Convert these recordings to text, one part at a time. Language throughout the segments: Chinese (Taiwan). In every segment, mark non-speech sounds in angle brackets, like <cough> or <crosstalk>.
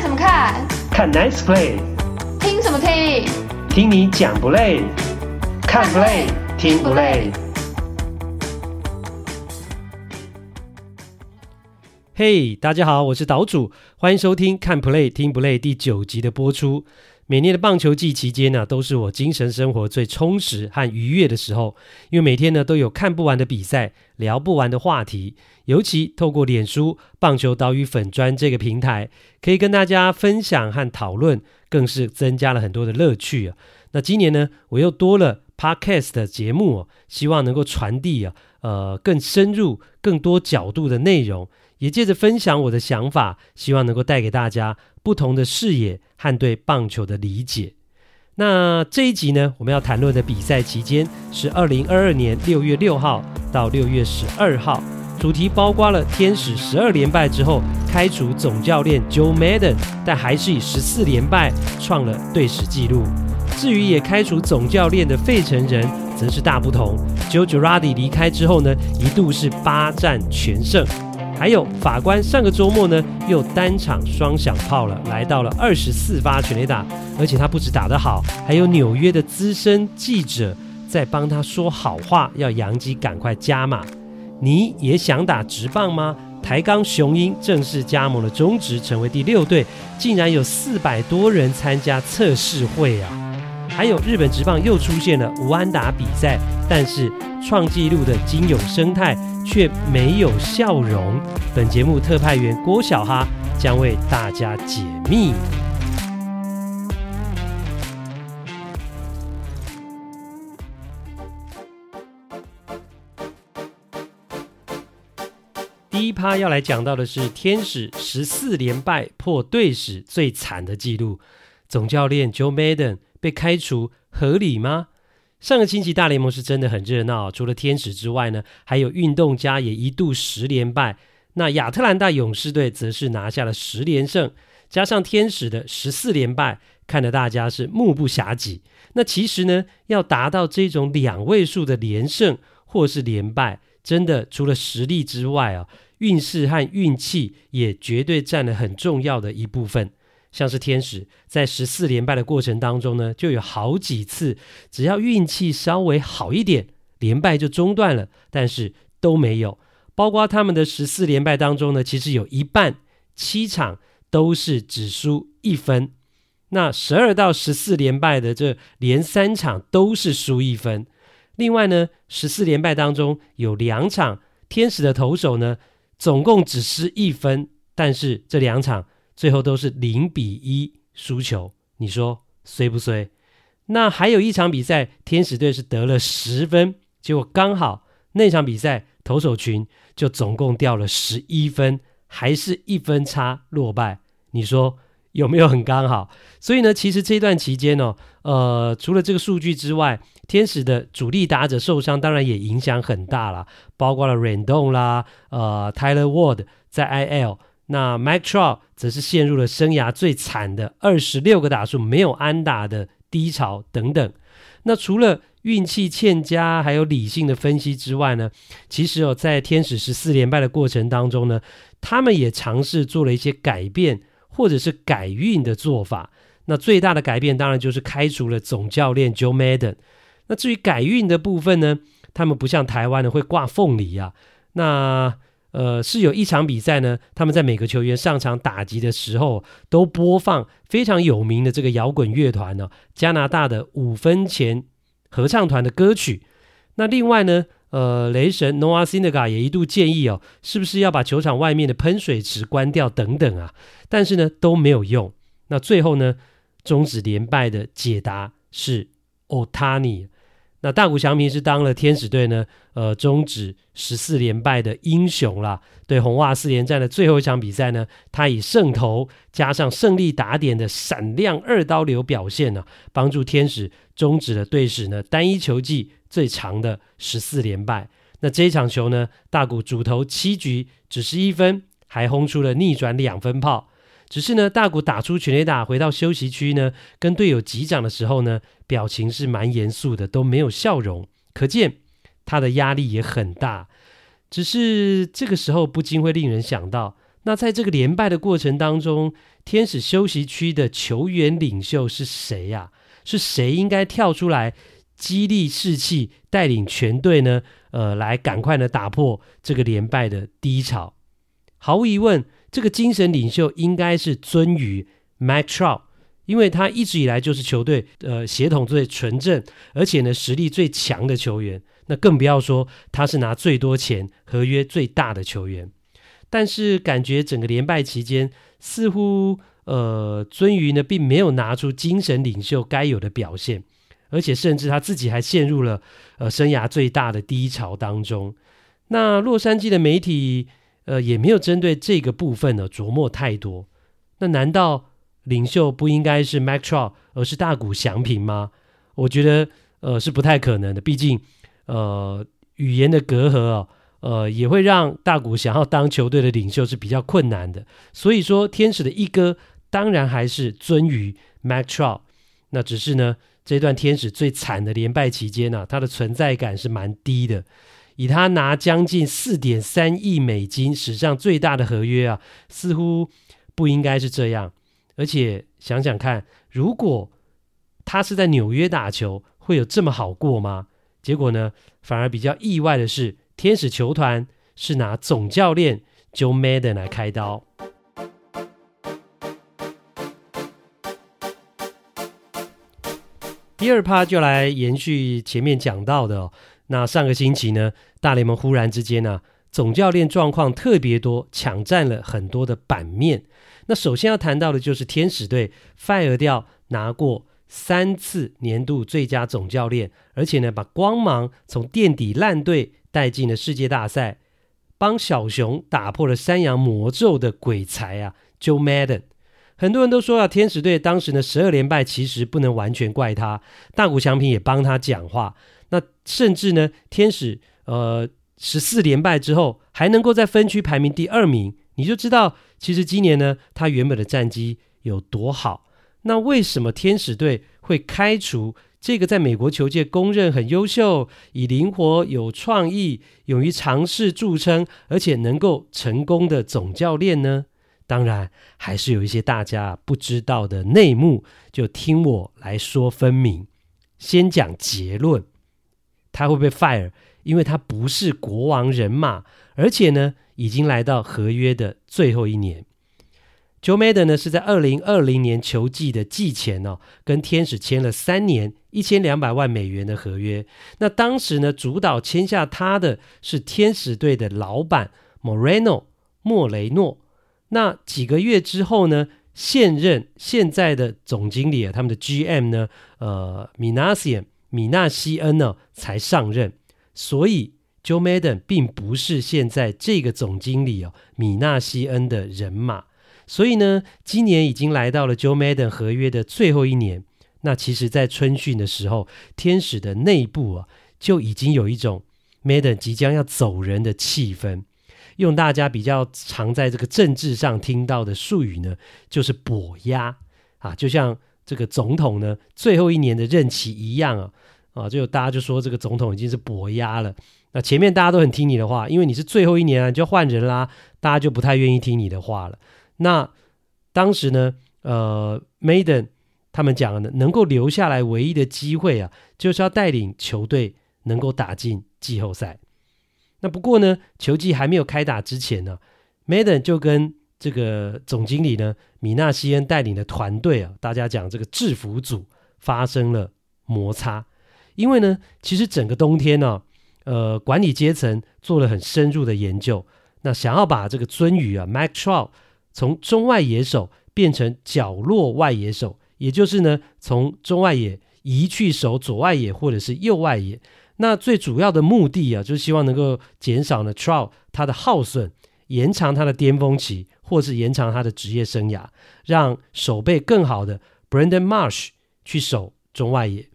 看什麼看？看 Nice Play。聽什麼聽？聽你講不累？看 Play 聽不累，聽不累？Hey 大家好，我是島主，歡迎收聽看 Play 聽不累第九集的播出。每年的棒球季期間呢、啊，都是我精神生活最充實和愉悅的時候，因為每天呢都有看不完的比賽、聊不完的話題。尤其透過臉書“棒球島嶼粉磚”這個平台，可以跟大家分享和討論，更是增加了很多的樂趣啊。那今年呢，我又多了 Podcast 的節目、啊，希望能夠傳遞啊，呃，更深入、更多角度的內容。也借着分享我的想法，希望能夠帶給大家不同的視野和對棒球的理解。那這一集呢，我們要談論的比賽期間是二零二二年六月六號到六月十二號。主題包括了天使十二連敗之後開除總教練 Joe Madden，但還是以十四連敗創了隊史紀錄。至於也開除總教練的費城人，則是大不同。Joe Girardi 離開之後呢，一度是八戰全勝。還有法官上個周末呢，又單場雙響炮了，來到了二十四發全壘打，而且他不止打得好，還有紐約的資深記者在幫他說好話，要洋基趕快加碼。你也想打職棒嗎？台鋼雄鷹正式加盟了中職，成為第六隊，竟然有四百多人參加測試會啊！還有日本職棒又出現了無安打比賽，但是創紀錄的今永昇太卻沒有笑容。本節目特派員郭小哈將為大家解密。第一趴要來講到的是天使十四連敗，破隊史最慘的記錄總教練 Joe Maddon 被開除合理嗎？上個星期大聯盟是真的很熱鬧哦，除了天使之外呢，還有運動家也一度十連敗。那亞特蘭大勇士隊則是拿下了十連勝，加上天使的十四連敗，看得大家是目不暇給。那其實呢，要達到這種兩位數的連勝或是連敗，真的除了實力之外啊哦，運勢和運氣也絕對占了很重要的一部分。像是天使在十四連敗的過程當中呢，就有好幾次，只要運氣稍微好一點，連敗就中斷了。但是都沒有，包括他們的十四連敗當中呢，其實有一半七場都是只輸一分。那十二到十四連敗的這連三場都是輸一分。另外呢，十四連敗當中有兩場天使的投手呢，總共只失一分，但是這兩場。最後都是零比一輸球，你說衰不衰？那還有一場比賽，天使隊是得了十分，結果剛好那場比賽投手群就總共掉了十一分，還是一分差落敗，你說有沒有很剛好？所以呢，其實這段期間呢、哦，呃，除了這個數據之外，天使的主力打者受傷，當然也影響很大了，包括了 Rendon 啦，呃，Taylor Ward 在 IL。那 Mike Trout 則是陷入了生涯最慘的二十六個打數沒有安打的低潮等等。那除了運氣欠佳，還有理性的分析之外呢，其實哦，在天使十四連敗的過程當中呢，他們也嘗試做了一些改變或者是改運的做法。那最大的改變當然就是開除了總教練 Joe Madden。那至於改運的部分呢，他們不像台灣的會掛鳳梨啊，那。呃，是有一場比賽呢，他們在每個球員上場打擊的時候，都播放非常有名的這個搖滾樂團呢，加拿大的五分錢合唱團的歌曲。那另外呢，呃，雷神 Noah Syndergaard 也一度建議哦，是不是要把球場外面的噴水池關掉等等啊？但是呢，都沒有用。那最後呢，終止連敗的解答是 Otani。那大谷翔平是當了天使隊呢，呃，終止十四連敗的英雄啦。對紅襪四連戰的最後一場比賽呢，他以勝投加上勝利打點的閃亮二刀流表現呢，啊，幫助天使終止了隊史呢，單一球季最長的十四連敗。那這一場球呢，大谷主投七局只失一分，還轟出了逆轉兩分炮。只是呢，大谷打出全壘打，回到休息區呢，跟隊友擊掌的時候呢，表情是蠻嚴肅的，都沒有笑容，可見他的壓力也很大。只是這個時候不禁會令人想到，那在這個連敗的過程當中，天使休息區的球員領袖是誰呀、啊？是誰應該跳出來激勵士氣，帶領全隊呢？呃，來趕快呢打破這個連敗的低潮。毫無疑問。這個精神領袖應該是鱒魚 Mike Trout 因為他一直以來就是球隊呃血統最純正，而且呢實力最強的球員。那更不要說他是拿最多錢、合約最大的球員。但是感覺整個連敗期間，似乎呃鱒魚呢並沒有拿出精神領袖該有的表現，而且甚至他自己還陷入了呃生涯最大的低潮當中。那洛杉磯的媒體。呃，也沒有針對這個部分呢、哦、琢磨太多。那難道領袖不應該是 Mike Trout，而是大谷祥平嗎？我覺得呃是不太可能的，畢竟呃語言的隔閡啊、哦，呃也會讓大谷想要當球隊的領袖是比較困難的。所以說，天使的一哥當然還是尊於 Mike Trout。那只是呢，這段天使最慘的連敗期間呢、啊，他的存在感是蠻低的。以他拿將近四點三億美金史上最大的合約啊，似乎不應該是這樣。而且想想看，如果他是在紐約打球，會有這麼好過嗎？結果呢，反而比較意外的是，天使球團是拿總教練 Joe Madden 來開刀。第二趴就來延續前面講到的哦。那上個星期呢，大聯盟忽然之間呢、啊，總教練狀況特別多，搶占了很多的版面。那首先要談到的就是天使隊 fire 掉拿過三次年度最佳總教練，而且呢把光芒從墊底爛隊帶進了世界大賽，幫小熊打破了山羊魔咒的鬼才啊 Joe Madden。很多人都說啊，天使隊當時呢十二連敗，其實不能完全怪他。大谷翔平也幫他講話。那甚至呢，天使呃十四連敗之後還能夠在分區排名第二名，你就知道其實今年呢他原本的戰績有多好。那為什麼天使隊會開除這個在美國球界公認很優秀、以靈活、有創意、勇於嘗試著稱，而且能夠成功的總教練呢？當然還是有一些大家不知道的內幕，就聽我來說分明。先講結論。他會被 fire，因為他不是國王人馬，而且呢，已經來到合約的最後一年。Joe Maddon 呢是在二零二零年球季的季前哦，跟天使簽了三年一千兩百萬美元的合約。那當時呢，主導簽下他的是天使隊的老板 Moreno 莫雷諾。那幾個月之後呢，現任現在的總經理啊，他們的 GM 呢，呃 Minasian 米納西恩呢、哦、才上任，所以 Joe Madden 並不是現在這個總經理哦。米納西恩的人馬，所以呢，今年已經來到了 Joe Madden 合約的最後一年。那其實，在春訓的時候，天使的內部啊，就已經有一種 Madden 即將要走人的氣氛。用大家比較常在這個政治上聽到的術語呢，就是跛鴨啊，就像這個總統呢最後一年的任期一樣啊。啊，就有大家就說這個總統已經是跛鴨了。那前面大家都很聽你的話，因為你是最後一年，啊，你就要換人啦，啊，大家就不太願意聽你的話了。那當時呢，呃，梅登他們講的，能夠留下來唯一的機會啊，就是要帶領球隊能夠打進季後賽。那不過呢，球季還沒有開打之前呢，啊，梅登就跟這個總經理呢，米納西恩帶領的團隊啊，大家講這個制服組發生了摩擦。因為呢，其實整個冬天呢、啊，呃，管理階層做了很深入的研究，那想要把這個鱒魚啊，Mike Trout 從中外野手變成角落外野手，也就是呢，從中外野移去守左外野或者是右外野。那最主要的目的啊，就是希望能夠減少呢 Trout 他的耗損，延長他的巔峰期，或是延長他的職業生涯，讓守備更好的 Brandon Marsh 去守中外野。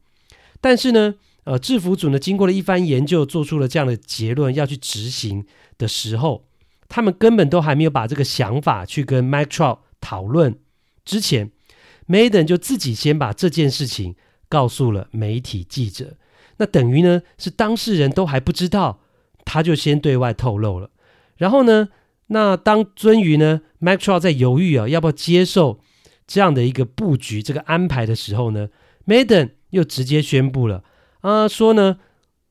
但是呢，呃，制服組呢，經過了一番研究，做出了這樣的結論，要去執行的時候，他們根本都還沒有把這個想法去跟 Mike Trout 討論之前，Maddon 就自己先把這件事情告訴了媒體記者。那等於呢是當事人都還不知道，他就先對外透露了。然後呢，那當鱒魚呢 Mike Trout 在猶豫啊要不要接受這樣的一個布局、這個安排的時候呢，Maddon。Ma 又直接宣佈了啊，說呢，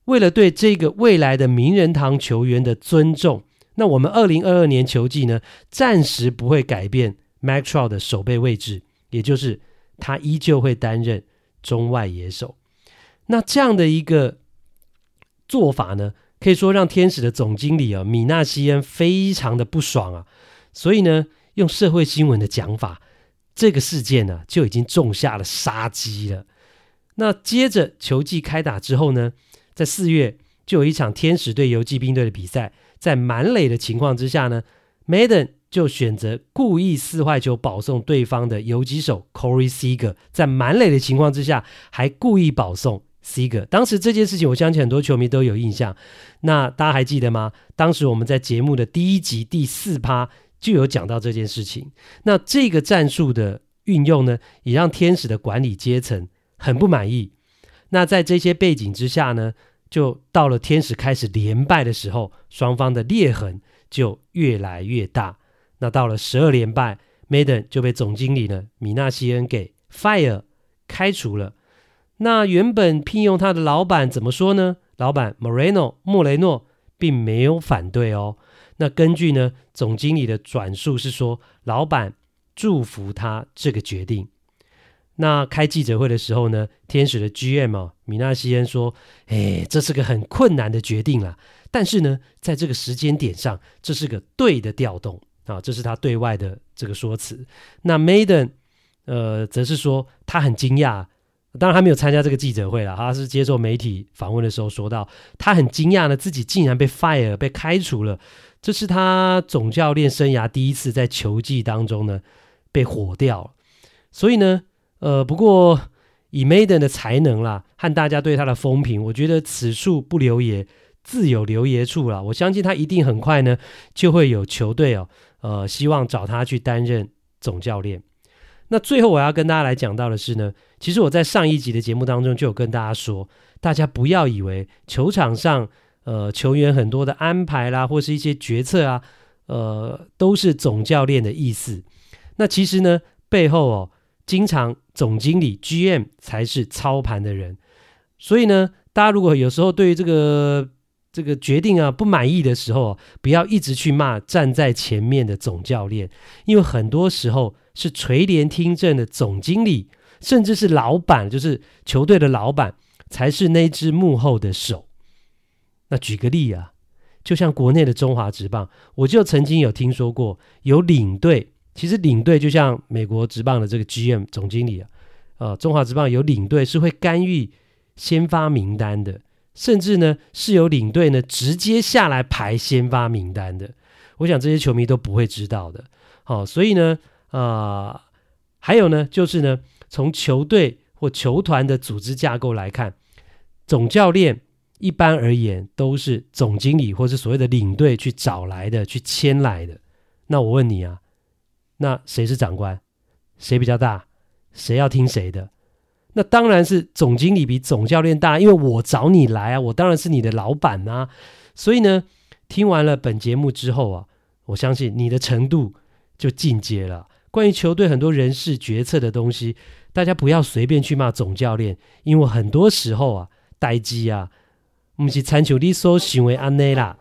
為了對這個未來的名人堂球員的尊重，那我們二零二二年球季呢，暫時不會改變 Mike Trout 的守備位置，也就是他依舊會擔任中外野手。那這樣的一個做法呢，可以說讓天使的總經理啊米納西恩非常的不爽啊，所以呢，用社會新聞的講法，這個事件呢、啊、就已經種下了殺機了。那接着球季開打之後呢，在四月就有一場天使對遊騎兵隊的比賽，在滿壘的情況之下呢，Maddon 就選擇故意四壞球保送對方的游擊手 Corey Seager，在滿壘的情況之下還故意保送 Seager。當時這件事情，我相信很多球迷都有印象。那大家還記得嗎？當時我們在節目的第一集第四趴就有講到這件事情。那這個戰術的運用呢，也讓天使的管理階層很不滿意，那在這些背景之下呢，就到了天使開始連敗的時候，雙方的裂痕就越來越大。那到了十二連敗，Maddon 就被總經理呢米納西恩給 fire 開除了。那原本聘用他的老闆怎麼說呢？老闆 Moreno 莫雷諾並沒有反對哦。那根據呢總經理的轉述是說，老闆祝福他這個決定。那開記者會的時候呢，天使的 GM、哦、米納西恩說：“誒、哎，這是個很困難的決定啦，但是呢，在這個時間點上，這是個對的調動啊、哦，這是他對外的這個說辭。”那 Maddon 呃，則是說他很驚訝，當然他沒有參加這個記者會了。他是接受媒體訪問的時候說道，他很驚訝呢，自己竟然被 fire 被開除了，這是他總教練生涯第一次在球季當中呢被火掉了，所以呢。呃，不過以梅登的才能啦，和大家對他的風評，我覺得此處不留爺，自有留爺處啦。我相信他一定很快呢，就會有球隊哦，呃，希望找他去擔任總教練。那最後我要跟大家來講到的是呢，其實我在上一集的節目當中就有跟大家說，大家不要以為球場上，呃，球員很多的安排啦，或是一些決策啊，呃，都是總教練的意思。那其實呢，背後哦。經常總經理 GM 才是操盤的人，所以呢，大家如果有時候對於這個這個決定啊，不滿意的時候啊，不要一直去罵站在前面的總教練，因為很多時候是垂簾聽政的總經理，甚至是老闆，就是球隊的老闆才是那隻幕後的手。那舉個例啊，就像國內的中華職棒，我就曾經有聽說過有領隊。其實領隊就像美國職棒的這個 GM 總經理啊，呃，中華職棒有領隊是會干預先發名單的，甚至呢是由領隊呢直接下來排先發名單的。我想這些球迷都不會知道的。好，所以呢，啊，還有呢，就是呢，從球隊或球團的組織架構來看，總教練一般而言都是總經理或是所謂的領隊去找來的，去簽來的。那我問你啊？那誰是長官？誰比較大？誰要聽誰的？那當然是總經理比總教練大，因為我找你來啊，我當然是你的老闆啊。所以呢，聽完了本節目之後啊，我相信你的程度就進階了。關於球隊很多人事決策的東西，大家不要隨便去罵總教練，因為很多時候啊，代誌啊，毋是憨人所想的按呢啦。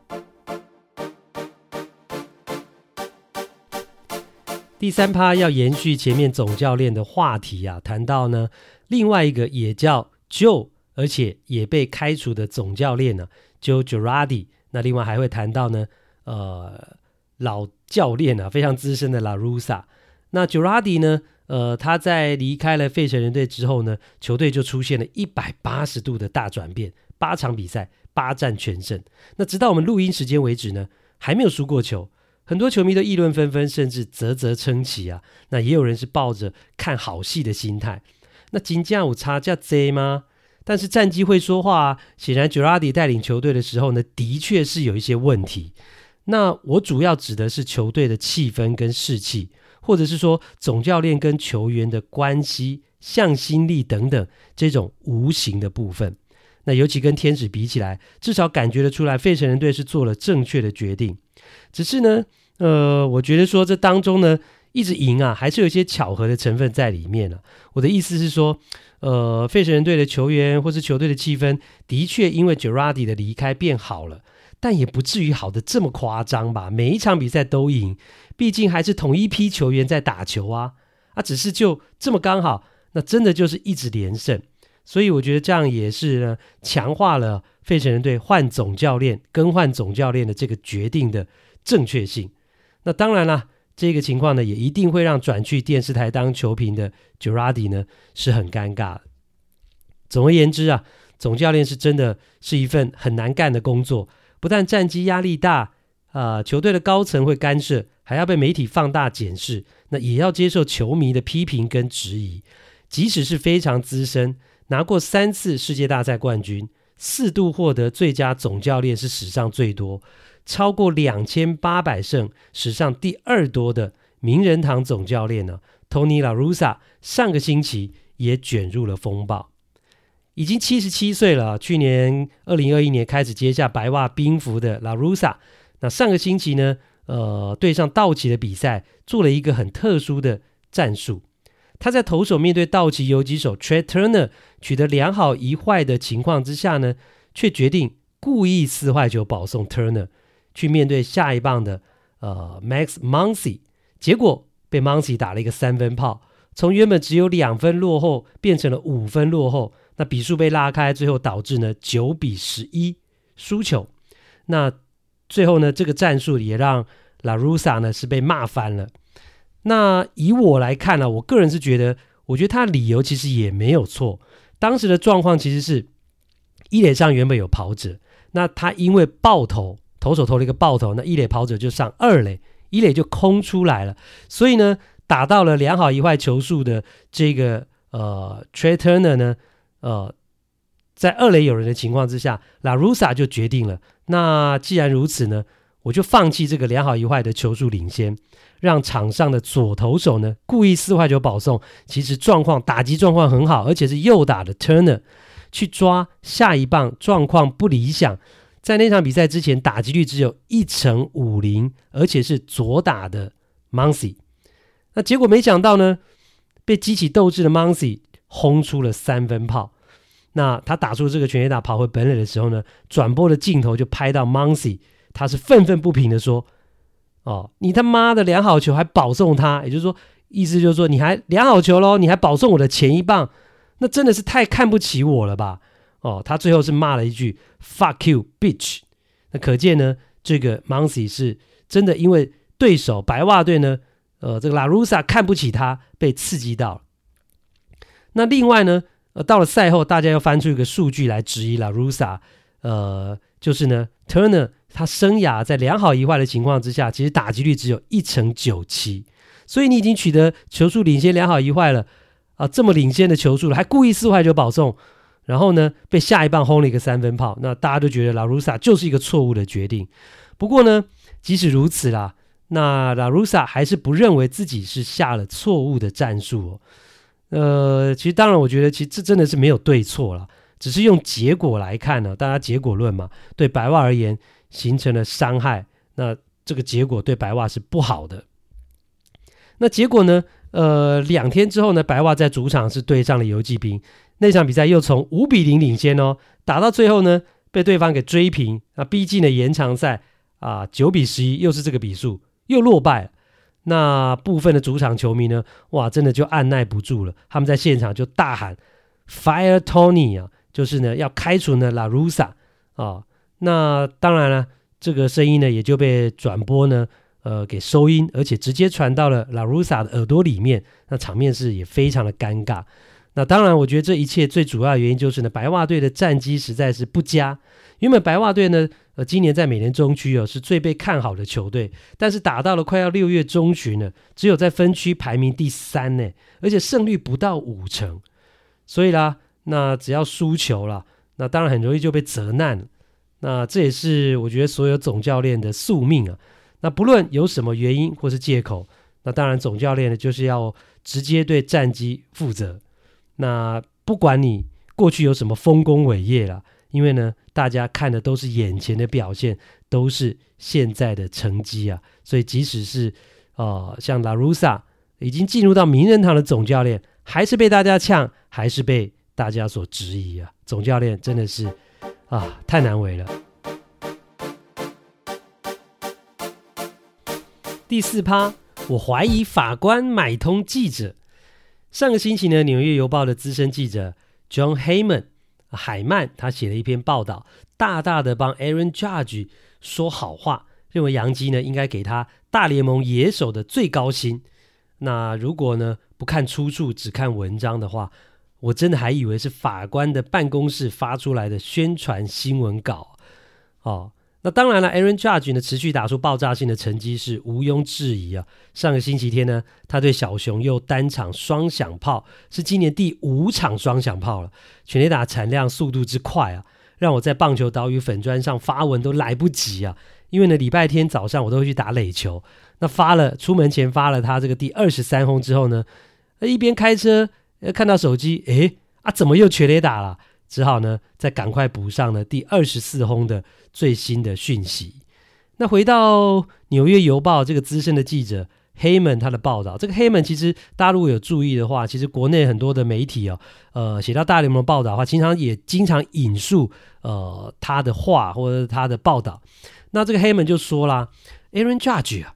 第三趴要延續前面總教練的話題啊，談到呢另外一個也叫 Joe，而且也被開除的總教練呢，啊，Joe Girardi。那另外還會談到呢，呃，老教練啊，非常資深的 La Russa。那 Girardi 呢，呃，他在離開了費城人隊之後呢，球隊就出現了一百八十度的大轉變，八場比賽八戰全勝。那直到我們錄音時間為止呢，還沒有輸過球。很多球迷都議論紛紛，甚至嘖嘖稱奇啊。那也有人是抱着看好戲的心態。那真的有差這麼多嗎？但是戰績會說話、啊。顯然，Girardi 帶領球隊的時候呢，的確是有一些問題。那我主要指的是球隊的氣氛跟士氣，或者是說總教練跟球員的關係、向心力等等這種無形的部分。那尤其跟天使比起來，至少感覺得出來，費城人隊是做了正確的決定。只是呢。呃，我覺得說這當中呢，一直贏啊，還是有一些巧合的成分在裡面了、啊。我的意思是說，呃，費城人隊的球員或是球隊的氣氛，的確因為 Girardi 的離開變好了，但也不至於好的這麼誇張吧？每一場比賽都贏，畢竟還是同一批球員在打球啊，啊，只是就這麼剛好，那真的就是一直連勝，所以我覺得這樣也是呢，強化了費城人隊換總教練、更換總教練的這個決定的正確性。那當然啦，這個情況呢，也一定會讓轉去電視台當球評的 Girardi 呢是很尷尬的。總而言之啊，總教練是真的是一份很難幹的工作，不但戰績壓力大啊、呃，球隊的高層會干涉，還要被媒體放大檢視，那也要接受球迷的批評跟質疑。即使是非常資深，拿過三次世界大賽冠軍，四度獲得最佳總教練，是史上最多，超過兩千八百勝，史上第二多的名人堂總教練呢、啊？托尼·拉魯薩上個星期也卷入了風暴。已經七十七歲了，去年二零二一年開始接下白襪兵符的拉魯薩那上個星期呢？呃，對上道奇的比賽，做了一個很特殊的戰術。他在投手面對道奇游擊手 Trea Turner 取得良好一壞的情況之下呢，卻決定故意四壞球保送 Turner。去面對下一棒的呃 Max Muncy 結果被 Muncy 打了一個三分炮，從原本只有兩分落後變成了五分落後，那比數被拉開，最後導致呢九比十一輸球。那最後呢，這個戰術也讓 La Russa 呢是被罵翻了。那以我來看呢、啊，我個人是覺得，我覺得他理由其實也沒有錯。當時的狀況其實是一壘上原本有跑者，那他因為爆頭。投手投了一個暴投，那一壘跑者就上二壘，一壘就空出來了。所以呢，打到了兩好一壞球數的這個呃，Trea Turner 呢，呃，在二壘有人的情況之下，La Russa 就決定了。那既然如此呢，我就放棄這個兩好一壞的球數領先，讓場上的左投手呢故意四壞球保送。其實狀況打擊狀況很好，而且是右打的 Turner 去抓下一棒，狀況不理想。在那場比賽之前，打擊率只有一成五零，而且是左打的 Muncy 那結果沒想到呢，被激起鬥志的 Muncy 轟出了三分炮。那他打出這個全壘打跑回本壘的時候呢，轉播的鏡頭就拍到 Muncy 他是憤憤不平的說：“哦，你他媽的兩好球還保送他，也就是說，意思就是說你還兩好球嘍，你還保送我的前一棒，那真的是太看不起我了吧。”哦，他最後是罵了一句 “fuck you, bitch”，那可見呢，這個 Monsi 是真的，因為對手白襪隊呢，呃，這個 La Russa 看不起他，被刺激到。那另外呢，呃，到了賽後，大家又翻出一個數據來質疑 La Russa，呃，就是呢，Turner 他生涯在兩好一壞的情況之下，其實打擊率只有一成九七。所以你已經取得球數領先兩好一壞了，啊，這麼領先的球數了，還故意四壞球保送。然後呢，被下一棒轟了一個三分炮，那大家都覺得拉魯薩就是一個錯誤的決定。不過呢，即使如此啦，那拉魯薩還是不認為自己是下了錯誤的戰術哦。呃，其實當然，我覺得其實這真的是沒有對錯啦，只是用結果來看啊，大家結果論嘛，對白襪而言形成了傷害，那這個結果對白襪是不好的。那結果呢？呃，兩天之後呢，白襪在主場是對上了遊騎兵。那場比賽又從五比零領先哦，打到最後呢，被對方給追平啊，逼近了延長賽啊，九比十一又是這個比數，又落敗了。那部分的主場球迷呢，哇，真的就按捺不住了，他們在現場就大喊 “Fire Tony” 啊，就是呢要開除呢 La Russa 啊。那當然了、啊，這個聲音呢也就被轉播呢，呃，給收音，而且直接傳到了 La Russa 的耳朵裡面，那場面是也非常的尷尬。那當然，我覺得這一切最主要的原因就是呢，白襪隊的戰績實在是不佳。因為白襪隊呢，呃，今年在美聯中區哦、啊、是最被看好的球隊，但是打到了快要六月中旬了，只有在分區排名第三呢，而且勝率不到五成。所以啦，那只要輸球了，那當然很容易就被責難。那這也是我覺得所有總教練的宿命啊。那不論有什麼原因或是借口，那當然總教練呢就是要直接對戰績負責。那不管你過去有什麼豐功偉業了，因為呢，大家看的都是眼前的表現，都是現在的成績啊。所以，即使是呃，像拉魯薩已經進入到名人堂的總教練，還是被大家嗆，還是被大家所質疑啊。總教練真的是啊，太難為了。第四趴，我懷疑法官買通記者。上個星期呢，《紐約郵報》的資深記者 John Heyman 海曼，他寫了一篇報道，大大的幫 Aaron Judge 說好話，認為楊基呢應該給他大聯盟野手的最高薪。那如果呢不看出處，只看文章的話，我真的還以為是法官的辦公室發出來的宣傳新聞稿哦。那當然了，Aaron Judge 呢，持續打出爆炸性的成績是毋庸置疑啊。上個星期天呢，他對小熊又單場雙響炮，是今年第五場雙響炮了。全壘打產量速度之快啊，讓我在棒球島嶼粉磚上發文都來不及啊！因為呢，禮拜天早上我都會去打壘球，那發了出門前發了他這個第二十三轟之後呢，呃，一邊開車呃看到手機，誒，啊，怎麼又全壘打了？只好呢再趕快補上了第二十四轟的。最新的訊息。那回到《紐約郵報》這個資深的記者黑門，他的報道。這個黑門其實大家如果有注意的話，其實國內很多的媒體啊、哦，呃，寫到大聯盟報道的話，經常也經常引述呃他的話或者是他的報道。那這個黑門就說啦，Aaron Judge 啊、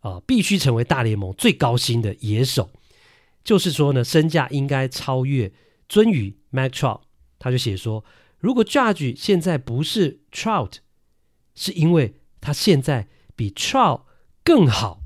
呃、必須成為大聯盟最高薪的野手，就是說呢，身價應該超越鱒魚 Mike Trout 他就寫說。如果 Judge 現在不是 Trout，是因為他現在比 Trout 更好，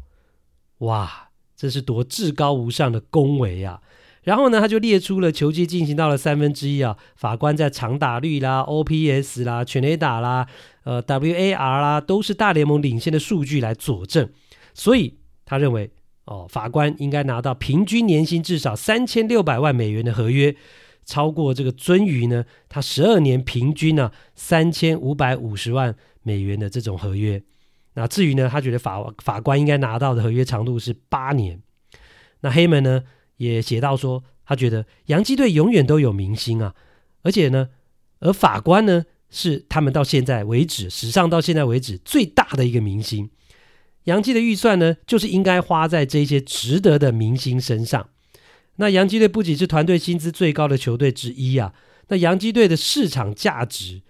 哇，這是多至高無上的恭維啊！然後呢，他就列出了球季進行到了三分之一啊，法官在長打率啦、OPS 啦、全壘打啦、呃 WAR 啦，都是大聯盟領先的數據來佐證，所以他認為哦，法官應該拿到平均年薪至少三千六百萬美元的合約。超過這個鱒魚呢，他十二年平均呢三千五百五十萬美元的這種合約。那至於呢，他覺得法法官應該拿到的合約長度是八年。那黑門呢也寫到說，他覺得洋基隊永遠都有明星啊，而且呢，而法官呢是他們到現在為止史上到現在為止最大的一個明星。洋基的預算呢，就是應該花在這些值得的明星身上。那洋基隊不僅是團隊薪資最高的球隊之一啊，那洋基隊的市場價值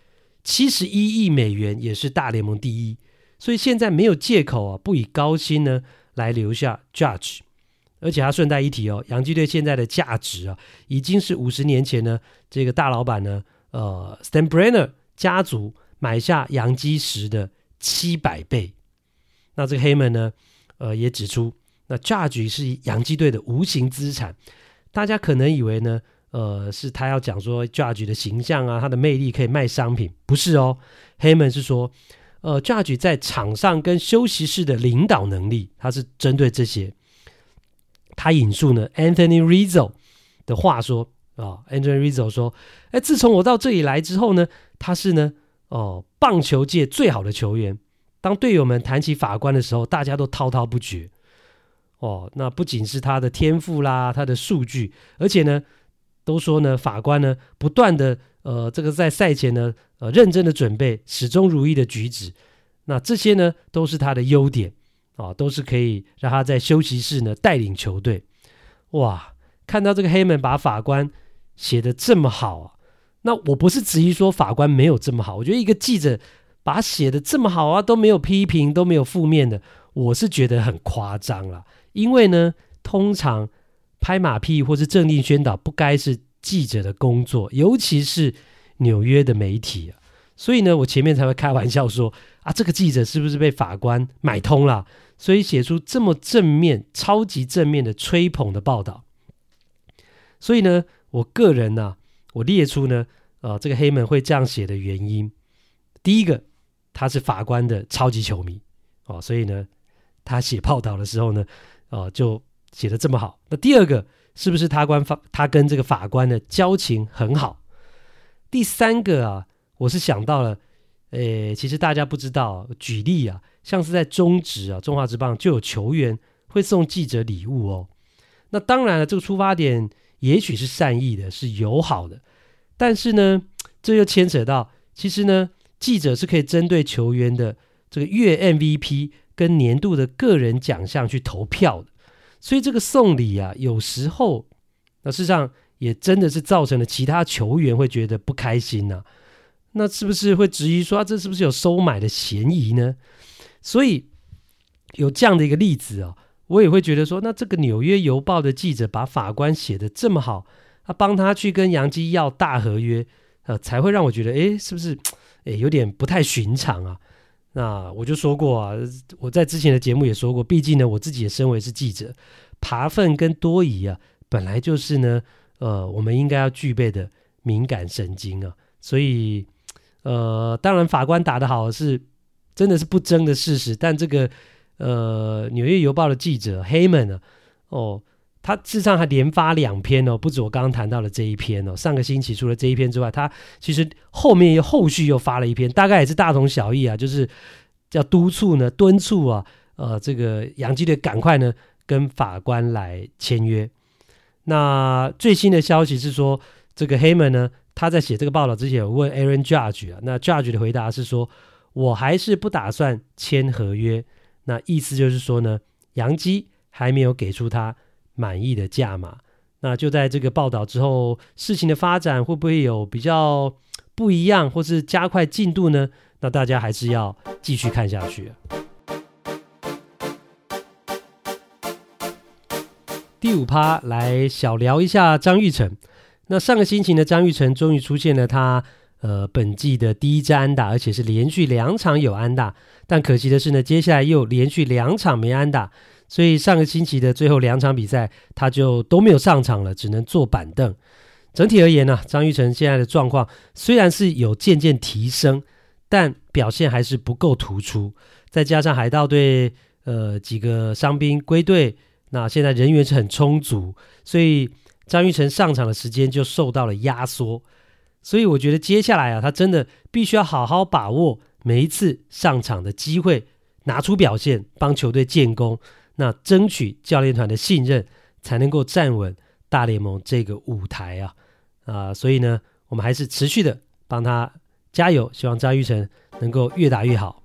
七十一億美元也是大聯盟第一，所以現在沒有借口啊，不以高薪呢來留下 Judge，而且他順帶一提哦，洋基隊現在的價值啊，已經是五十年前呢這個大老板呢，呃，Steinbrenner 家族買下洋基時的七百倍。那這個黑門呢，呃，也指出，那 Judge 是洋基隊的無形資產。大家可能以為呢，呃，是他要講說 Judge 的形象啊，他的魅力可以賣商品，不是哦。Heyman 是說，呃，Judge 在場上跟休息室的領導能力，他是針對這些。他引述呢，Anthony Rizzo 的話說啊，哦，Anthony Rizzo 說，哎，自從我到這裡來之後呢，他是呢，哦，棒球界最好的球員。當隊友們談起法官的時候，大家都滔滔不絕。哦，那不僅是他的天賦啦，他的數據，而且呢，都說呢，法官呢，不斷的，呃，這個在賽前呢，呃，認真的準備，始終如一的舉止，那這些呢，都是他的優點，啊、哦，都是可以讓他在休息室呢帶領球隊。哇，看到這個黑門把法官寫的這麼好、啊，那我不是質疑說法官沒有這麼好，我覺得一個記者把寫的這麼好啊，都沒有批評，都沒有負面的，我是覺得很誇張了、啊。因為呢，通常拍馬屁或是政令宣導不該是記者的工作，尤其是紐約的媒體啊。所以呢，我前面才會開玩笑說啊，這個記者是不是被法官買通了，所以寫出這麼正面、超級正面的吹捧的報道。所以呢，我個人呢、啊，我列出呢，啊，這個黑門會這樣寫的原因，第一個，他是法官的超級球迷哦、啊，所以呢，他寫報道的時候呢。哦，就寫得這麼好。那第二個是不是他官方，他跟這個法官的交情很好？第三個啊，我是想到了，誒，其實大家不知道，舉例啊，像是在中職啊，中華職棒就有球員會送記者禮物哦。那當然了，這個出發點也許是善意的，是友好的，但是呢，這又牽扯到，其實呢，記者是可以針對球員的這個月 MVP。跟年度的個人獎項去投票，所以這個送禮啊，有時候那事實上也真的是造成了其他球員會覺得不開心啊，那是不是會質疑說，啊，這是不是有收買的嫌疑呢？所以有這樣的一個例子啊，我也會覺得說，那這個紐約郵報的記者把法官寫得這麼好，他幫他去跟洋基要大合約，呃，才會讓我覺得，哎，是不是，哎，有點不太尋常啊？那我就說過啊，我在之前的節目也說過，畢竟呢，我自己也身為是記者，扒糞跟多疑啊，本來就是呢，呃，我們應該要具備的敏感神經啊，所以，呃，當然法官打得好是真的是不爭的事實，但這個呃《紐約郵報》的記者 Heyman 啊，呢，哦。他至少還連發兩篇哦，不止我剛剛談到的這一篇哦。上個星期除了這一篇之外，他其實後面又後續又發了一篇，大概也是大同小異啊，就是叫督促呢、敦促啊，呃，這個楊基隊趕快呢跟法官來簽約。那最新的消息是說，這個黑門呢，他在寫這個報道之前有問 Aaron Judge 啊，那 Judge 的回答是說，我還是不打算簽合約。那意思就是說呢，楊基還沒有給出他。滿意的價碼。那就在這個報道之後，事情的發展會不會有比較不一樣，或是加快進度呢？那大家還是要繼續看下去。第五趴來小聊一下張育成。那上個星期呢，張育成終於出現了他呃本季的第一支安打，而且是連續兩場有安打，但可惜的是呢，接下來又連續兩場沒安打。所以上個星期的最後兩場比賽，他就都沒有上場了，只能坐板凳。整體而言呢啊，張育成現在的狀況雖然是有漸漸提升，但表現還是不夠突出。再加上海盜隊呃幾個傷兵歸隊，那現在人員是很充足，所以張育成上場的時間就受到了壓縮。所以我覺得接下來啊，他真的必須要好好把握每一次上場的機會，拿出表現，幫球隊建功。那爭取教練團的信任，才能夠站穩大聯盟這個舞台啊！啊，啊，所以呢，我們還是持續的幫他加油，希望張育成能夠越打越好。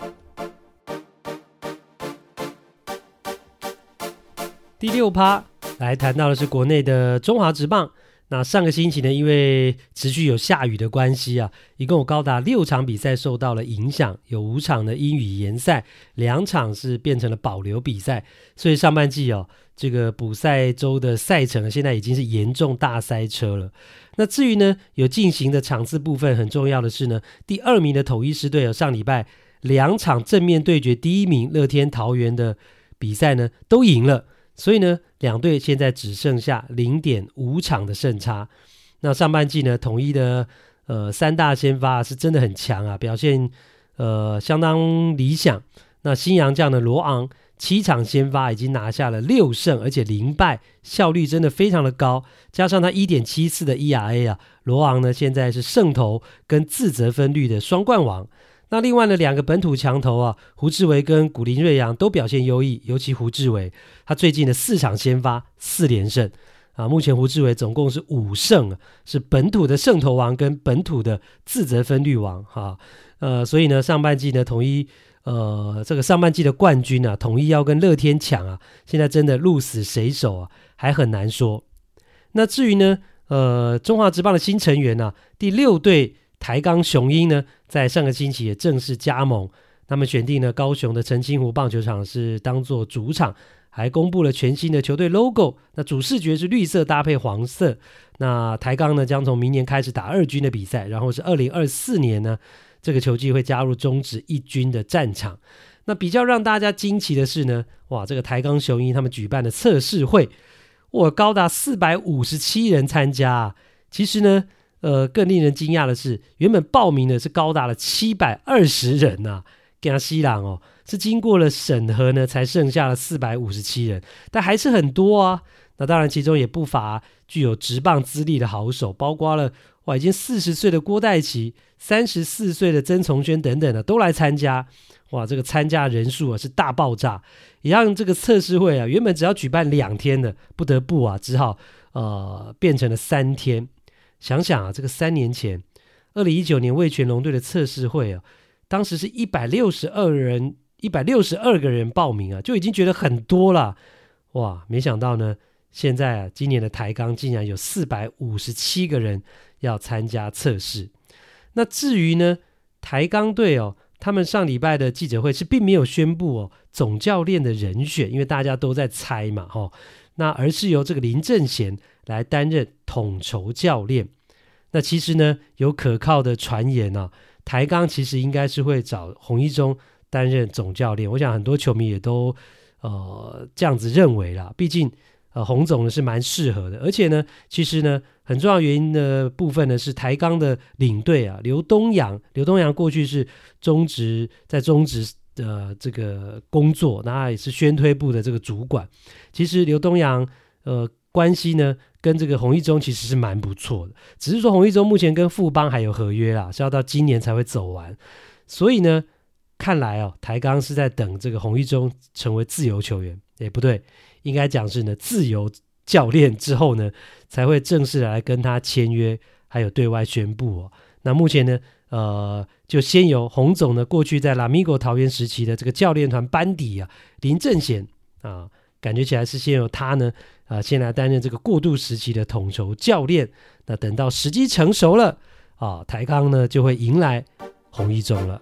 第六趴來談到的是國內的中華職棒。那上個星期呢，因為持續有下雨的關係啊，一共有高達六場比賽受到了影響，有五場的陰雨延賽，兩場是變成了保留比賽，所以上半季哦，這個補賽周的賽程現在已經是嚴重大塞車了。那至於呢，有進行的場次部分，很重要的是呢，第二名的統一獅隊哦、呃，上禮拜兩場正面對決第一名樂天桃園的比賽呢，都贏了。所以呢，兩隊現在只剩下零點五場的勝差。那上半季呢，統一的呃三大先發是真的很強啊，表現呃相當理想。那新洋將的羅昂，七場先發已經拿下了六勝，而且零敗，效率真的非常的高。加上他一點七四的 ERA 啊，羅昂呢現在是勝投跟自責分率的雙冠王。那另外呢兩個本土強投啊，胡智為跟古林睿煬都表現優異，尤其胡智為，他最近的四場先發四連勝啊，目前胡智為總共是五勝，是本土的勝投王跟本土的自責分率王哈、啊，呃，所以呢，上半季呢統一呃這個上半季的冠軍啊，統一要跟樂天搶啊，現在真的鹿死誰手啊，還很難說。那至於呢，呃，中華職棒的新成員呢、啊，第六隊台鋼雄鷹呢，在上個星期也正式加盟，他們選定了高雄的澄清湖棒球場是當做主場，還公布了全新的球隊 logo。那主視覺是綠色搭配黃色。那台鋼呢將從明年開始打二軍的比賽，然後是二零二四年呢這個球季會加入中職一軍的戰場。那比較讓大家驚奇的是呢，哇，這個台鋼雄鷹他們舉辦的測試會，哇，高達四百五十七人參加。其實呢。呃，更令人驚訝的是，原本報名的是高達了七百二十人吶、啊，跟阿西朗哦，是經過了審核呢，才剩下了四百五十七人，但還是很多啊。那當然，其中也不乏、啊、具有職棒資歷的好手，包括了哇，已經四十歲的郭岱琦、三十四歲的曾琮萱等等的、啊、都來參加。哇，這個參加人數啊是大爆炸，也讓這個測試會啊原本只要舉辦兩天的，不得不啊只好呃變成了三天。想想啊，這個三年前，二零一九年味全龍隊的測試會啊，當時是一百六十二人，一百六十二個人報名啊，就已經覺得很多了。哇，沒想到呢，現在啊，今年的台鋼竟然有四百五十七個人要參加測試。那至於呢，台鋼隊哦，他們上禮拜的記者會是並沒有宣布哦總教練的人選，因為大家都在猜嘛，哈、哦。那而是由這個林正賢來擔任。統籌教練，那其實呢，有可靠的傳言啊，台鋼其實應該是會找洪一中擔任總教練。我想很多球迷也都呃這樣子認為啦，畢竟呃洪總呢是蠻適合的，而且呢其實呢很重要原因的部分呢是台鋼的領隊啊劉東洋，劉東洋過去是中職在中職的、呃、這個工作，那也是宣推部的這個主管。其實劉東洋呃。關係呢，跟這個洪一中其實是蠻不錯的，只是說洪一中目前跟富邦還有合約啦，是要到今年才會走完，所以呢，看來哦，台鋼是在等這個洪一中成為自由球員，誒不對，應該講是呢，自由教練之後呢，才會正式來跟他簽約，還有對外宣布哦。那目前呢，呃，就先由洪總呢，過去在拉米戈桃園時期的這個教練團班底啊，林正賢啊、呃，感覺起來是先由他呢。啊，先、呃、來擔任這個過渡時期的統籌教練，那等到時機成熟了，啊，台鋼呢就會迎來洪一中了。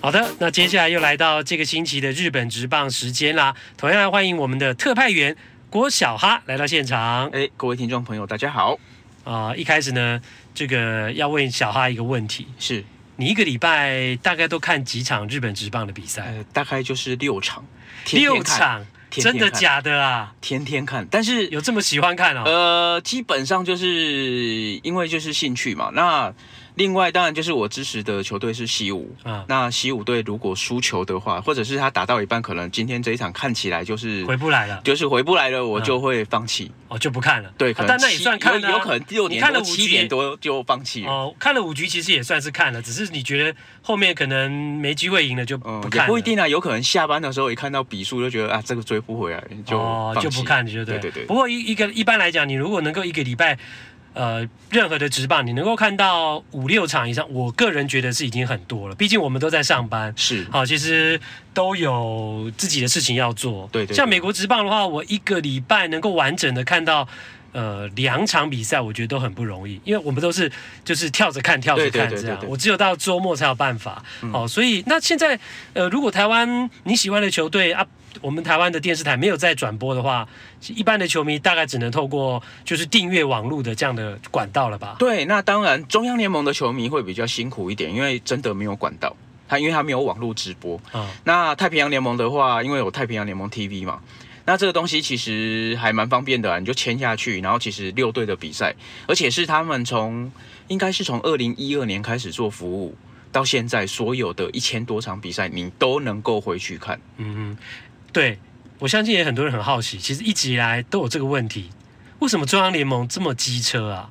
好的，那接下來又來到這個星期的日本職棒時間啦，同樣歡迎我們的特派員郭小哈來到現場。哎，各位聽眾朋友，大家好。啊、呃，一開始呢，這個要問小哈一個問題，是。你一個禮拜大概都看幾場日本職棒的比賽？呃，大概就是六場，六場，真的假的啊？天天看，但是有這麼喜歡看哦？呃，基本上就是因為就是興趣嘛，那。另外，當然就是我支持的球隊是西武啊。那西武隊如果輸球的話，或者是他打到一半，可能今天這一場看起來就是回不來了，就是回不來了，我就會放棄、嗯，哦，就不看了。對，可能、啊、但那也算看了、啊有，有可能六年七年多就放棄了。哦，看了五局其實也算是看了，只是你覺得後面可能沒機會贏了就不看了。嗯、也不一定啊，有可能下班的時候一看到比數就覺得啊，這個追不回來，就、哦、就不看，對就對？對對,對對。不過一一個一般來講，你如果能夠一個禮拜。呃，任何的職棒，你能夠看到五六場以上，我個人覺得是已經很多了。畢竟我們都在上班，是好，其實都有自己的事情要做。對，對對，像美國職棒的話，我一個禮拜能夠完整的看到。呃，兩場比賽我覺得都很不容易，因為我們都是就是跳着看，跳着看這樣。我只有到周末才有辦法。嗯哦，所以那現在，呃，如果台灣你喜歡的球隊啊，我們台灣的電視台沒有在轉播的話，一般的球迷大概只能透過就是訂閱網絡的這樣的管道了吧？對，那當然，中央聯盟的球迷會比較辛苦一點，因為真的沒有管道，他因為他沒有網絡直播啊。哦，那太平洋聯盟的話，因為有太平洋聯盟 TV 嘛。那這個東西其實還蠻方便的啊，你就簽下去，然後其實六隊的比賽，而且是他們從應該是從二零一二年開始做服務，到現在所有的一千多場比賽，你都能夠回去看。嗯嗯，對，我相信也很多人很好奇，其實一直以來都有這個問題，為什麼中央聯盟這麼機車啊？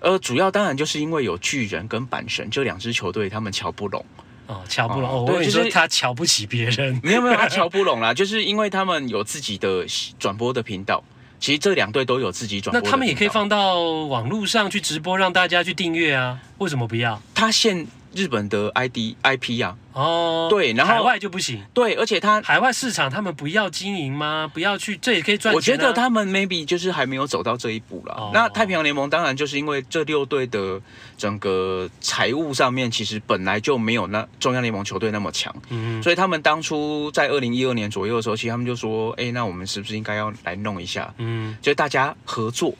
呃，主要當然就是因為有巨人跟阪神這兩支球隊，他們喬不攏。哦，喬不攏，我、哦、就是我他瞧不起別人。沒有沒有，他喬不攏啦，就是因為他們有自己的轉播的頻道。其實這兩隊都有自己轉播的頻道，那他們也可以放到網絡上去直播，讓大家去訂閱啊？為什麼不要？他現。日本的 ID IP 呀、啊，哦，對，然後海外就不行，對，而且他海外市場他們不要經營嗎？不要去，這也可以賺錢、啊。我覺得他們 maybe 就是還沒有走到這一步了。哦、那太平洋聯盟當然就是因為這六隊的整個財務上面其實本來就沒有那中央聯盟球隊那麼強，嗯，所以他們當初在二零一二年左右的時候，其實他們就說，哎，那我們是不是應該要來弄一下？嗯，就是大家合作，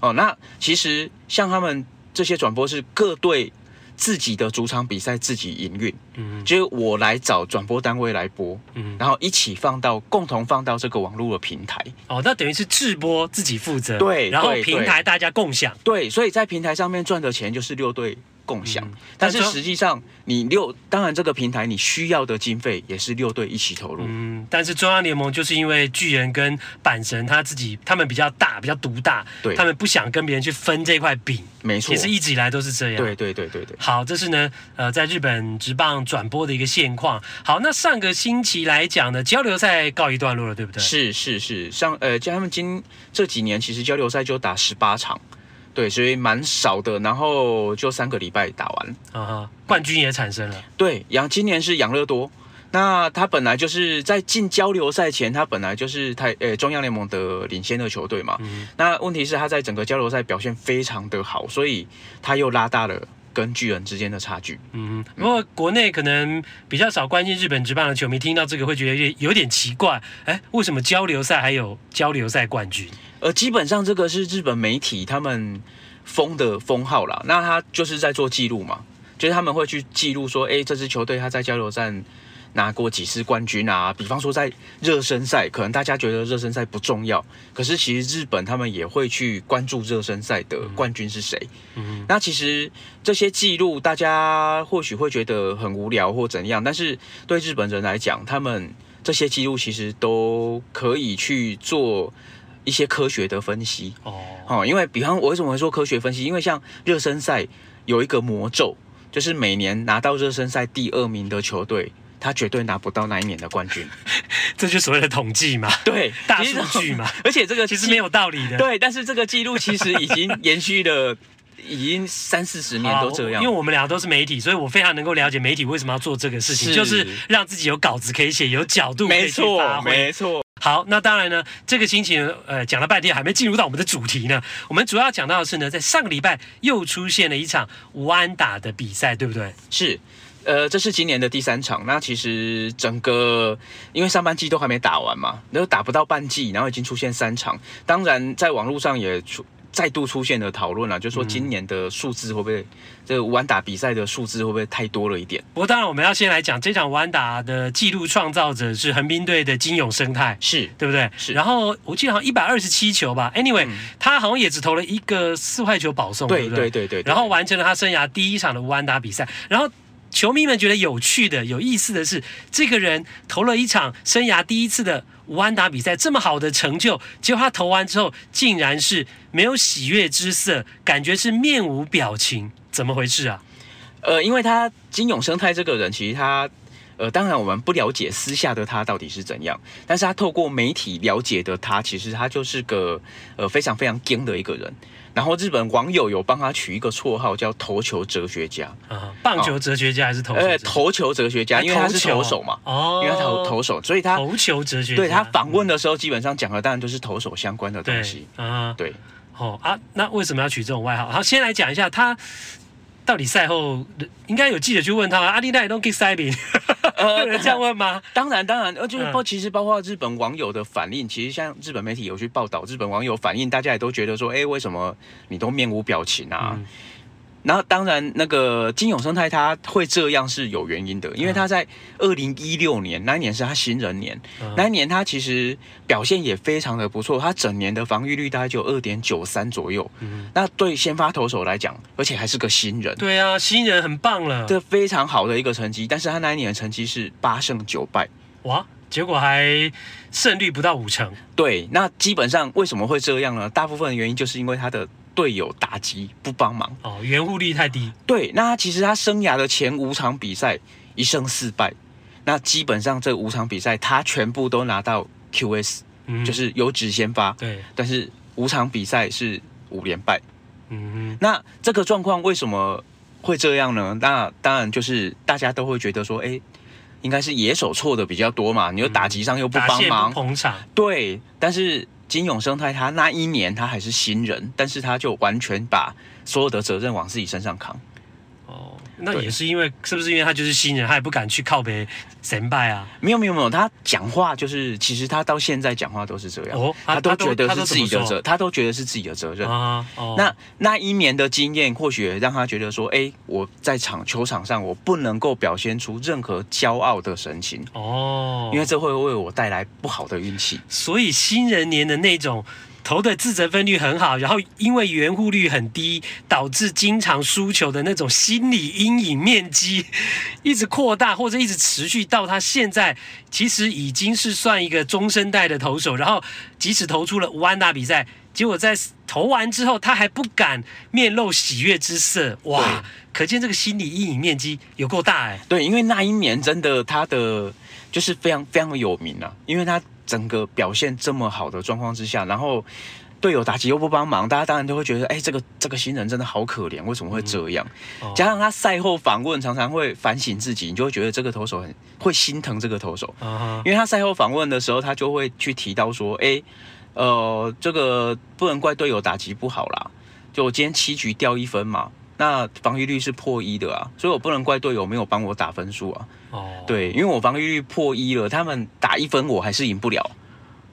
哦，那其實像他們這些轉播是各隊。自己的主場比賽自己營運，嗯，就是我來找轉播單位來播，嗯，然後一起放到共同放到這個網絡的平台，哦，那等於是制播自己負責，對，然後平台大家共享對對，對，所以在平台上面賺的錢就是六隊。共享、嗯，但是實際上你六，當然這個平台你需要的經費也是六隊一起投入。嗯，但是中央聯盟就是因為巨人跟阪神他自己他們比較大，比較獨大，對，他們不想跟別人去分這塊餅，沒錯，其實一直以來都是這樣。對對對對對。好，這是呢，呃，在日本職棒轉播的一個現況。好，那上個星期來講呢，交流賽告一段落了，對不對？是是是，像呃，就他們今這幾年其實交流賽就打十八場。對，所以蠻少的，然後就三個禮拜打完，啊、冠軍也產生了。對，楊今年是養樂多，那他本來就是在進交流賽前，他本來就是太呃、哎、中央聯盟的領先的球隊嘛。嗯、那問題是他在整個交流賽表現非常的好，所以他又拉大了。跟巨人之間的差距。嗯，如果國內可能比較少關心日本職棒的球迷，聽到這個會覺得有點奇怪。哎、欸，為什麼交流賽還有交流賽冠軍？呃，基本上這個是日本媒體他們封的封號啦。那他就是在做記錄嘛，就是他們會去記錄說，哎、欸，這支球隊他在交流賽。拿過幾次冠軍啊？比方說，在熱身賽，可能大家覺得熱身賽不重要，可是其實日本他們也會去關注熱身賽的冠軍是誰？嗯，嗯，那其實這些記錄，大家或許會覺得很無聊或怎樣，但是對日本人來講，他們這些記錄其實都可以去做一些科學的分析。哦，因為比方我為什麼會說科學分析？因為像熱身賽有一個魔咒，就是每年拿到熱身賽第二名的球隊。他絕對拿不到那一年的冠軍， <laughs> 這就是所謂的統計嘛。對，大數據嘛。而且這個其實沒有道理的。對，但是這個記錄其實已經延續了已經三四十年都這樣。因為我們倆都是媒體，所以我非常能夠了解媒體為什麼要做這個事情，就是讓自己有稿子可以寫，有角度可以發揮。沒錯，沒錯。好，那當然呢，這個心情呃講了半天，還沒進入到我們的主題呢。我們主要講到的是呢，在上個禮拜又出現了一場無安打的比賽，對不對？是。呃，這是今年的第三場。那其實整個因為上半季都還沒打完嘛，都打不到半季，然後已經出現三場。當然，在網絡上也出再度出現了討論了，就是、說今年的數字會不會、嗯、這無安打比賽的數字會不會太多了一點？不過，當然我們要先來講這場無安打的紀錄創造者是橫濱隊的今永昇太，是對不對？是。然後我記得好像一百二十七球吧。Anyway，、嗯、他好像也只投了一個四壞球保送，對對對，對對對對對，然後完成了他生涯第一場的無安打比賽，然後。球迷們覺得有趣的、有意思的是，這個人投了一場生涯第一次的無安打比賽，這麼好的成就，結果他投完之後，竟然是沒有喜悅之色，感覺是面無表情，怎麼回事啊？呃，因為他今永昇太這個人，其實他，呃，當然我們不了解私下的他到底是怎樣，但是他透過媒體了解的他，其實他就是個呃非常非常驚的一個人。然後日本網友有幫他取一個綽號，叫“投球哲學家”啊。棒球哲學家還是投球哲學家？呃、啊，投球哲學家，因為他是投手嘛，啊、哦，因為他投投手，所以他投球哲學家。對，他訪問的時候，基本上講的當然都是投手相關的東西。啊、嗯，對，啊，對啊，那為什麼要取這種外號？好，先來講一下他。到底賽後應該有記者去問他，啊你怎麼都雞掰面有人這樣問嗎？當然當然，呃，就是包其實包括日本網友的反應，嗯、其實像日本媒體有去報道，日本網友反應，大家也都覺得說，誒、欸，為什麼你都面無表情啊？嗯然後，當然，那個今永昇太他會這樣是有原因的，因為他在二零一六年那一年是他新人年，那一年他其實表現也非常的不錯，他整年的防禦率大概就二點九三左右。嗯，那對先發投手來講，而且還是個新人。對啊，新人很棒了，這非常好的一個成績。但是，他那一年的成績是八勝九敗，哇，結果還勝率不到五成。對，那基本上為什麼會這樣呢？大部分的原因就是因為他的。隊友打擊不幫忙哦，援護率太低。對，那他其實他生涯的前五場比賽一勝四敗，那基本上這五場比賽他全部都拿到 QS，嗯、就是優質先發。對，但是五場比賽是五連敗。嗯，那這個狀況為什麼會這樣呢？那當然就是大家都會覺得說，哎、欸，應該是野手錯的比較多嘛，你又打擊上又不幫忙，捧場。對，但是。今永昇太，他那一年他還是新人，但是他就完全把所有的責任往自己身上扛。那也是因為，對是不是因為他就是新人，他也不敢去靠北顯擺啊？沒有沒有沒有，他講話就是，其實他到現在講話都是這樣，哦、他，他都覺得是自己的責，他都覺得是自己的責任啊。哦、那那一年的經驗，或許讓他覺得說，哎、欸，我在場球場上，我不能夠表現出任何驕傲的神情哦，因為這會為我帶來不好的運氣。所以新人年的那種。投的自責分率很好，然後因為援護率很低，導致經常輸球的那種心理陰影面積一直擴大，或者一直持續到他現在其實已經是算一個中生代的投手，然後即使投出了無安打比賽，結果在投完之後他還不敢面露喜悅之色，哇，對可見這個心理陰影面積有夠大哎、欸。對，因為那一年真的他的就是非常非常有名了、啊，因為他。整個表現這麼好的狀況之下，然後隊友打擊又不幫忙，大家當然都會覺得，哎、欸，這個這個新人真的好可憐，為什麼會這樣？加上他賽後訪問常常會反省自己，你就會覺得這個投手很會心疼這個投手，因為他賽後訪問的時候，他就會去提到說，哎、欸，呃，這個不能怪隊友打擊不好啦，就我今天七局掉一分嘛。那防禦率是破一的啊，所以我不能怪隊友沒有幫我打分數啊。哦，對，因為我防禦率破一了，他們打一分我還是贏不了。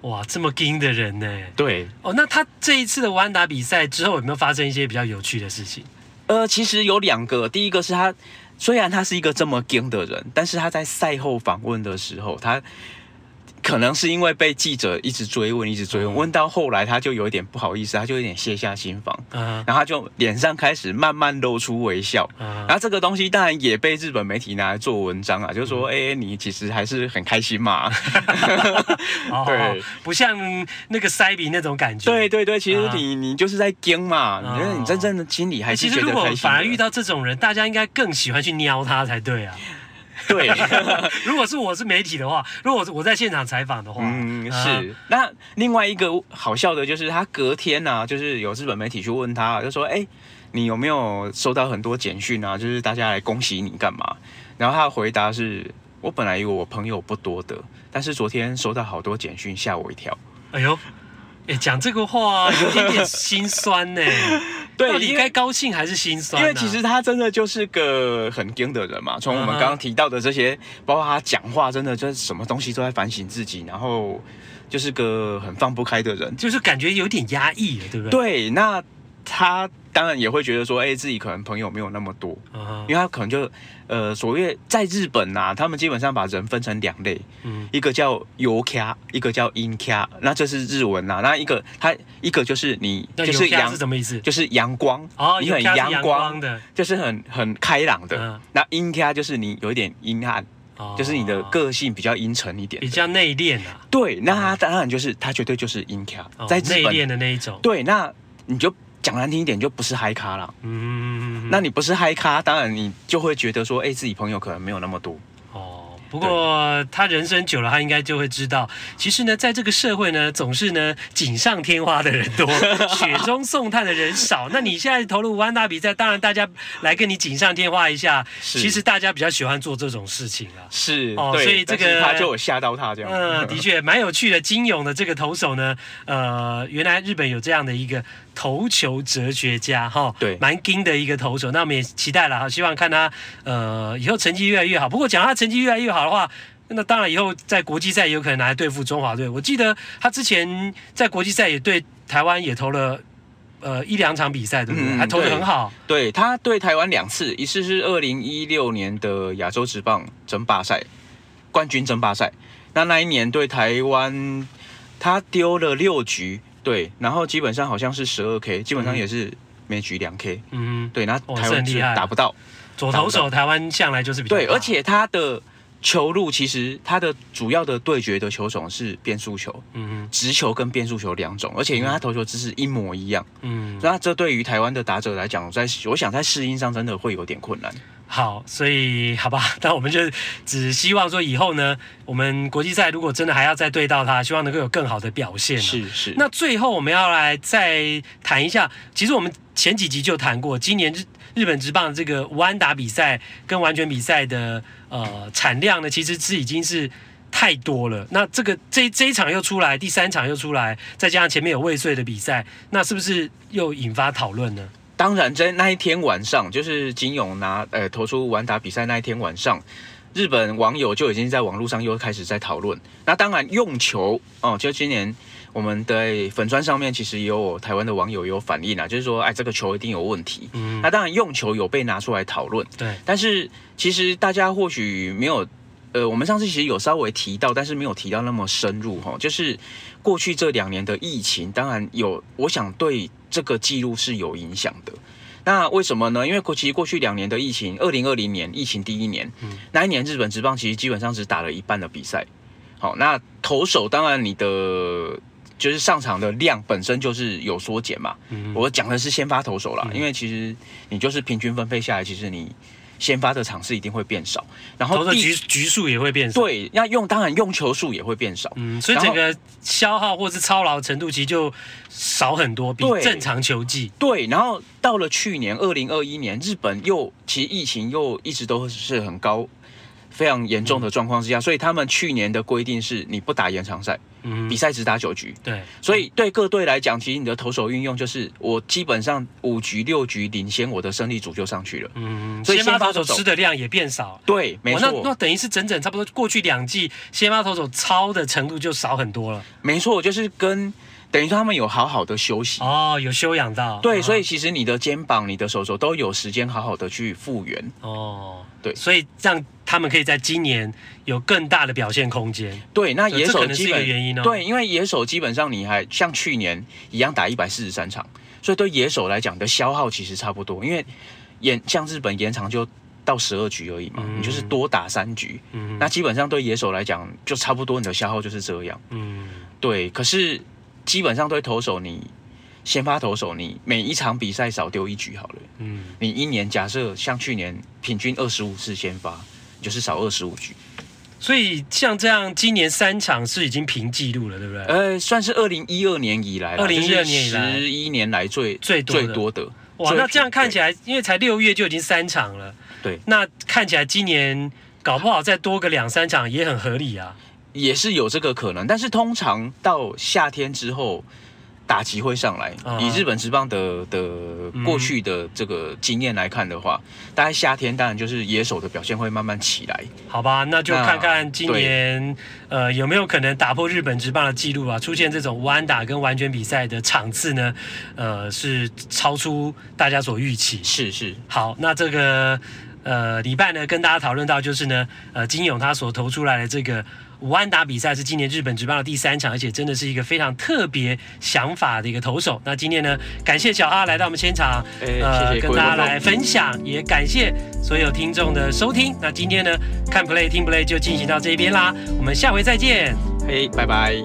哇，這麼驚的人呢？對，哦，那他這一次的無安打比賽之後有沒有發生一些比較有趣的事情？呃，其實有兩個，第一個是他雖然他是一個這麼驚的人，但是他在賽後訪問的時候他。可能是因為被記者一直追問，一直追問，問到後來他就有點不好意思，他就有點卸下心防，然後他就臉上開始慢慢露出微笑。然後這個東西當然也被日本媒體拿來做文章啊，就是、說：“哎、欸，你其實還是很開心嘛。” <laughs> <laughs> 對，oh, oh, oh, 不像那個塞比那種感覺。對對對，其實你、uh huh. 你就是在裝嘛，你覺得你真正的心裡還是覺得開心、欸、其實如果反而遇到這種人，大家應該更喜歡去撩他才對啊。對， <laughs> 如果是我是媒體的話，如果是我在現場採訪的話，嗯，是。那另外一個好笑的就是，他隔天呢、啊，就是有日本媒體去問他，就說：“哎、欸，你有沒有收到很多簡訊啊？就是大家來恭喜你幹嘛？”然後他的回答是：“我本來以為我朋友不多的，但是昨天收到好多簡訊，嚇我一跳。”哎呦！哎，講、欸、這個話有點心酸呢。 <laughs> 對，到底該高興還是心酸，啊因，因為其實他真的就是個很緊的人嘛。從我們剛剛提到的這些，包括他講話，真的就是什麼東西都在反省自己，然後就是個很放不開的人，就是感覺有點壓抑了，對不對？對，那。他當然也會覺得說，哎，自己可能朋友沒有那麼多，因為他可能就，呃，所謂在日本吶，他們基本上把人分成兩類，嗯，一個叫友卡，一個叫陰卡，那這是日文吶，那一個他一個就是你，那友卡是什麼意思？就是陽光，你很陽光的，就是很很開朗的，那陰卡就是你有一點陰暗，就是你的個性比較陰沉一點，比較內斂啊。對，那他當然就是他絕對就是陰卡，在內斂的那一種。對，那你就。講難聽一點，就不是嗨咖了。嗯，嗯，嗯，那你不是嗨咖，當然你就會覺得說，哎、欸，自己朋友可能沒有那麼多。哦，不過對他人生久了，他應該就會知道，其實呢，在這個社會呢，總是呢錦上添花的人多，雪中送炭的人少。 <laughs> 那你現在投入無安打比賽，當然大家來跟你錦上添花一下。是其實大家比較喜歡做這種事情啊。是，哦，對所以這個他就有嚇到他這樣。嗯、呃，的確蠻有趣的。今永的這個投手呢，呃，原來日本有這樣的一個。投球哲學家哈，對，蠻精的一個投手，對那我們也期待了哈，希望看他呃以後成績越來越好。不過講他成績越來越好的話，那當然以後在國際賽有可能拿來對付中華隊。我記得他之前在國際賽也對台灣也投了呃一兩場比賽，對不對？嗯、還投得很好。對，對他對台灣兩次，一次是二零一六年的亞洲職棒爭霸賽冠軍爭霸賽，那那一年對台灣他丟了六局。對，然後基本上好像是十二 K，基本上也是每局兩 K。嗯嗯，對，那台灣打不到、哦啊、左投手，台灣向來就是比較，對，而且他的。球路其實它的主要的對決的球種是變速球，嗯嗯哼，直球跟變速球兩種，而且因為它投球姿勢一模一樣，嗯，那這對於台灣的打者來講，我在我想在適應上真的會有點困難。好，所以好吧，那我們就只希望說以後呢，我們國際賽如果真的還要再對到他，希望能夠有更好的表現啊。是是。那最後我們要來再談一下，其實我們前幾集就談過，今年。日本職棒這個無安打比賽跟完全比賽的呃產量呢，其實是已經是太多了。那這個這一這一場又出來，第三場又出來，再加上前面有未遂的比賽，那是不是又引發討論呢？當然，在那一天晚上，就是今永拿呃投出無安打比賽那一天晚上，日本網友就已經在網絡上又開始在討論。那當然用球哦、嗯，就今年。我們的粉專上面其實也有台灣的網友也有反映啊，就是說，哎，這個球一定有問題。嗯，那當然用球有被拿出來討論。對，但是其實大家或許沒有，呃，我們上次其實有稍微提到，但是沒有提到那麼深入哈。就是過去這兩年的疫情，當然有，我想對這個記錄是有影響的。那為什麼呢？因為其實過去兩年的疫情，二零二零年疫情第一年，那一年日本職棒其實基本上只打了一半的比賽。好，那投手當然你的。就是上場的量本身就是有縮減嘛。嗯、我講的是先發投手啦，嗯、因為其實你就是平均分配下來，其實你先發的場次一定會變少，然後投的局局數也會變少。對，那用當然用球數也會變少。嗯，所以整個消耗或者是操勞程度其實就少很多，比正常球季。對，對，然後到了去年二零二一年，日本又其實疫情又一直都是很高、非常嚴重的狀況之下，嗯、所以他們去年的規定是你不打延長賽。嗯，比賽只打九局，對，所以對各隊來講，其實你的投手運用就是我基本上五局六局領先，我的勝利組就上去了。嗯哼，所以先發，先發投手吃的量也變少。對，沒錯、哦。那那等於是整整差不多過去兩季，先發投手超的程度就少很多了。沒錯，就是跟等於說他們有好好的休息哦，有休養到。對，哦、所以其實你的肩膀、你的手肘都有時間好好的去復原哦。對，所以讓他們可以在今年有更大的表現空間。對，那野手基本是一個原因呢、喔？對，因為野手基本上你還像去年一樣打一百四十三場，所以對野手來講的消耗其實差不多。因為延像日本延長就到十二局而已嘛，嗯、你就是多打三局，嗯、那基本上對野手來講就差不多，你的消耗就是這樣。嗯，對。可是基本上對投手你。先發投手，你每一場比賽少丟一局好了。嗯，你一年假設像去年平均二十五次先發，就是少二十五局。所以像這樣，今年三場是已經平紀錄了，對不對？呃，算是二零一二年以來，二零一二年以來十一年來最最多最多的。多的哇，平那這樣看起來，對因為才六月就已經三場了。對。那看起來今年搞不好再多個兩三場也很合理啊。也是有這個可能，但是通常到夏天之後。打擊會上來，以日本職棒的的過去的這個經驗來看的話，嗯、大概夏天當然就是野手的表現會慢慢起來，好吧？那就看看今年呃有沒有可能打破日本職棒的記錄啊，出現這種無安打跟完全比賽的場次呢？呃，是超出大家所預期。是是。好，那這個呃禮拜呢跟大家討論到就是呢，呃今永他所投出來的這個。武安達比賽是今年日本舉辦的第三場，而且真的是一個非常特別想法的一個投手。那今天呢，感謝小阿來到我們現場，欸、謝謝呃，跟大家來分享，也，也感謝所有聽眾的收聽。那今天呢，看不 y 聽不 y 就進行到這邊啦，我們下回再見，嘿，拜拜。